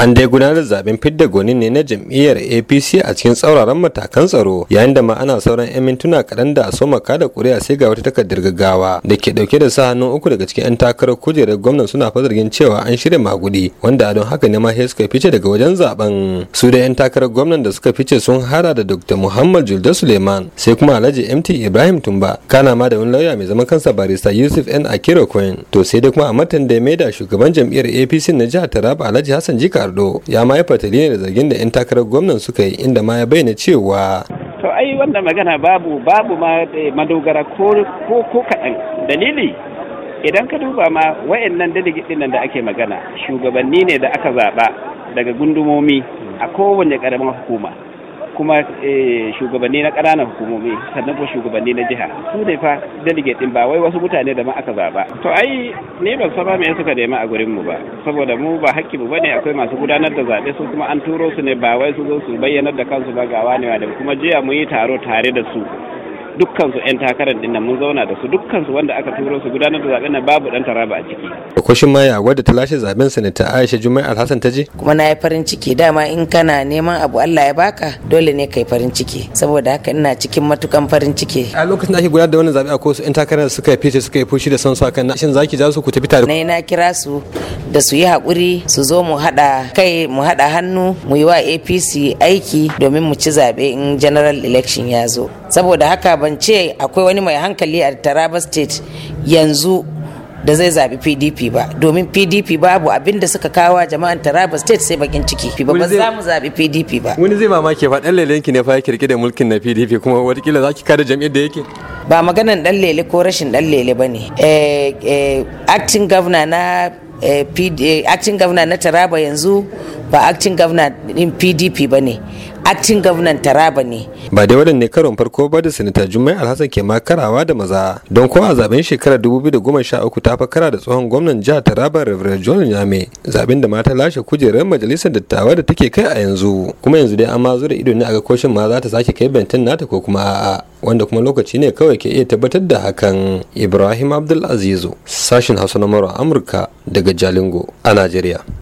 an dai gudanar zaben fidda gonin ne na jam'iyyar apc a cikin tsauraran matakan tsaro yayin da ma ana sauran 'yan mintuna kaɗan da a soma kada ƙuri'a sai ga wata takardar gaggawa da ke ɗauke da sa hannun uku daga cikin 'yan takarar kujerar gwamnan suna fa cewa an shirya magudi wanda a don haka ne ma sai suka fice daga wajen zaben su da 'yan takarar gwamnan da suka fice sun hada da dr muhammad julda suleiman sai kuma alhaji mt ibrahim tumba kana ma da wani lauya mai zaman kansa barista yusuf n akiro to sai dai kuma a matan da ya maida shugaban jam'iyyar apc na jihar taraba alhaji hassan jika ardo ya ma ya fatali ne da zargin da 'yan takarar gwamnan suka yi inda ma ya bayyana cewa to ai wannan magana babu babu ma eh, madogara ko ko kaɗan dalili idan ka duba ma wayannan delegate nan da ake magana shugabanni ne da aka zaɓa daga gundumomi a kowane ƙaramin hukuma kuma eh, shugabanni na ƙananan hukumomi sannan kuma shugabanni na jiha su ne fa delegate din ba wai wasu mutane da ma aka zaba to ai ne ban saba me suka nema a gurin mu ba saboda mu ba hakki mu bane akwai masu gudanar da zabe su kuma an turo su ne ba wai su zo su bayyanar da kansu ba ga wani da kuma jiya mu yi taro tare da su Dukkansu 'yan takarar din nan mun zauna da su dukkansu wanda aka turo su gudanar da zaben nan babu dan taraba a ciki kwashin maya wadda ta lashe zaben sanata Aisha Jummai Alhassan ta je kuma na yi farin ciki dama in kana neman abu Allah ya baka dole ne kai farin ciki saboda haka ina cikin matukan farin ciki a lokacin da ake gudanar da wannan a ko su 'yan takarar suka fice suka yi fushi da san su akan shin zaki ja su ku tafi tare Na na kira su da su yi hakuri su zo mu hada kai mu haɗa hannu mu yi wa APC aiki domin mu ci zabe in general election ya zo saboda haka ban zance akwai wani mai hankali a taraba state yanzu da zai zaɓi pdp ba domin pdp babu abin da suka kawo jama'an taraba state sai bakin ciki ba ba za mu zaɓi pdp ba wani zai mamaki fa ɗan lelenki ne fa ya kirki da mulkin na pdp kuma watakila za ki kada jam'iyyar da yake ba maganan ɗan lele ko rashin ɗan lele ba ne eh, eh, acting governor na eh, acting governor na taraba yanzu ba acting governor din pdp ba ne acting gwamnan taraba ne ba dai wadanne karon farko ba da sanata jummai alhassan ke makarawa da maza don ko a zaben shekarar 2013 ta fakara da tsohon gwamnan jihar taraba reverend john yame zaben da mata lashe kujerar majalisar dattawa da take kai a yanzu kuma yanzu dai an ma da ido ne a ga koshin ma za ta sake kai bentin nata ko kuma a'a wanda kuma lokaci ne kawai ke iya tabbatar da hakan ibrahim abdulazizu sashin hausa na amurka daga jalingo a najeriya